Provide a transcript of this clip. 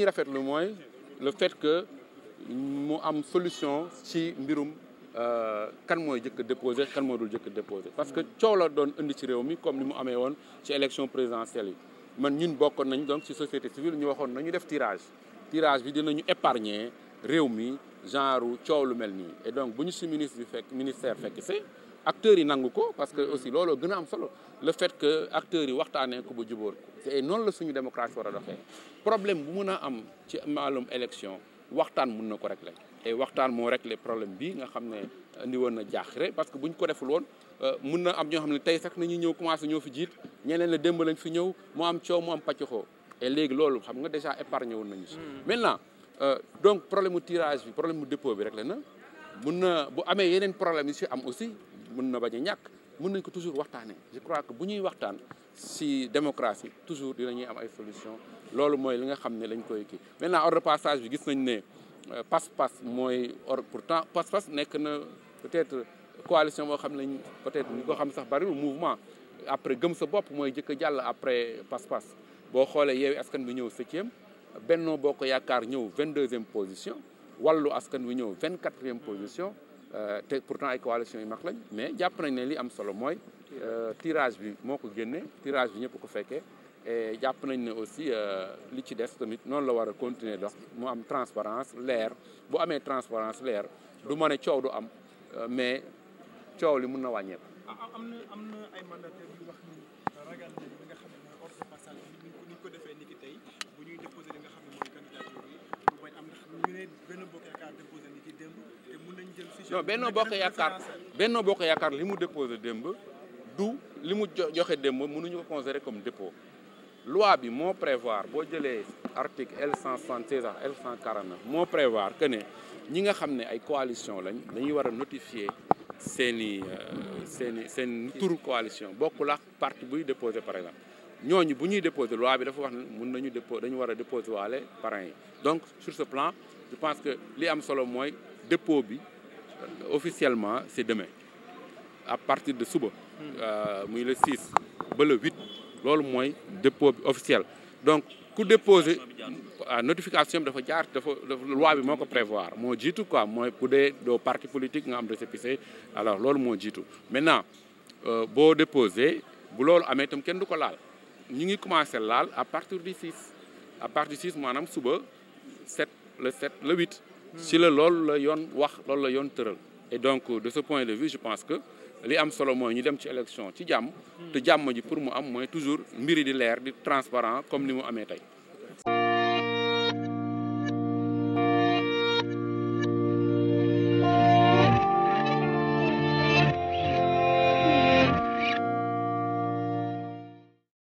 ñuy rafetlu mooy le fait que mu am solution ci mbirum euh, kan mooy jëkk déposé kan moo dul jëkk déposé parce que coow la doon indi ci réew mi comme ni mu amee woon ci élection présidentielle man ñun bokkoon nañ donc ci société civile ñu waxoon nañu def tirage tirage bi dinañu épargner réew mi genre coow lu mel nii et donc bu ñu si ministre bi fekk ministère fekk si acteur yi nangu ko parce que aussi loolu gën a am solo le fait que acteurs yi waxtaanee ko ba jubóor ko te noonu la suñu démocratie war a doxee problème bu mun a am ci maalum élection waxtaan mun na ko régler et waxtaan moo régler problème bi nga xam ne indi woon na jaaxle parce que bu ñu ko deful woon euh, mun na am ñoo xam ne tey fekk nañu ñëw commencé ñoo fi jiit ñeneen la démb lañ fi ñëw moo am coow mu am pàccaxoo et léegi loolu xam nga déjà épargné woon nañu si hmm. maintenant euh, donc problème mu tirage bi problème mu dépôt bi rek la na mun na bu amee yeneen problème yi si am aussi mun na bañ a ñàkk mun nañ ko toujours waxtaanee je crois que bu ñuy waxtaan si démocratie toujours dinañuy am ay solution loolu mooy li nga xam ne lañ koy kii maintenant na de passage bi gis nañ ne euh, passe-passe mooy or pourtant passe-passe nekk na peut-être coalition boo xam ne peut-être ñu ko xam sax bariwul mouvement après gëm sa bopp mooy jëkk a jàll après passe-passe boo xoolee yeewi askan bi ñëw septième Benno Bokk Yaakaar ñëw vingt-deuxième position wàllu askan wi ñëw vingt-quatrième position Euh, te pourtant ay coalition yu mag lañ mais jàpp nañ ne li am solo mooy euh, tirage bi moo ko génne tirage bi ñëpp ko fekkee e jàpp nañ ne aussi euh, li ci des tamit noonu la war a continuer dox mu am transparence leer bu amee transparence leer du ma ne coow du am mais coow li mun na wàññeeku. Ah, ah, non Benno Bokk Yaakaar Benno Bokk Yaakaar li mu déposé démb du li mu joxe démb mënuñu ko considérer comme dépo loi bi moo prévoir boo jëlee article L 176 ak L 149 moo prévoir que ne ñi nga xam ne ay coalition lañ dañuy war a notifier seen i euh, seen i seen turu coalition bokkul ak parti buy déposé par exemple ñooñu bu ñuy déposé loi bi dafa wax ne mën nañu déposé dañu war a déposé waale parrain yi donc sur ce plan je pense que li am solo mooy dépôt bi Euh, officiellement c'est demain a partir de suba. Euh, muy le 6 ba le 8. loolu mooy dépo bi officiel donc ku déposé euh, notification bi dafa jaar dafa loi bi moo ko prévoir moo jiitu quoi mooy ku dee doo parti politique nga am récépissé alors loolu moo jiitu maintenant boo déposé bu loolu amee tam kenn du ko laal ñu ngi commencé laal à partir du 6 à partir du 6 maanaam suba 7 le 7 le huit si la loolu la yoon wax loolu la yoon tëral et donc de ce point de vue je pense que li am solo mooy ñu dem ci élection ci jàmm te jàmm ji pour mu am mooy toujours mbiri di leer di transparent comme ni mu amee tey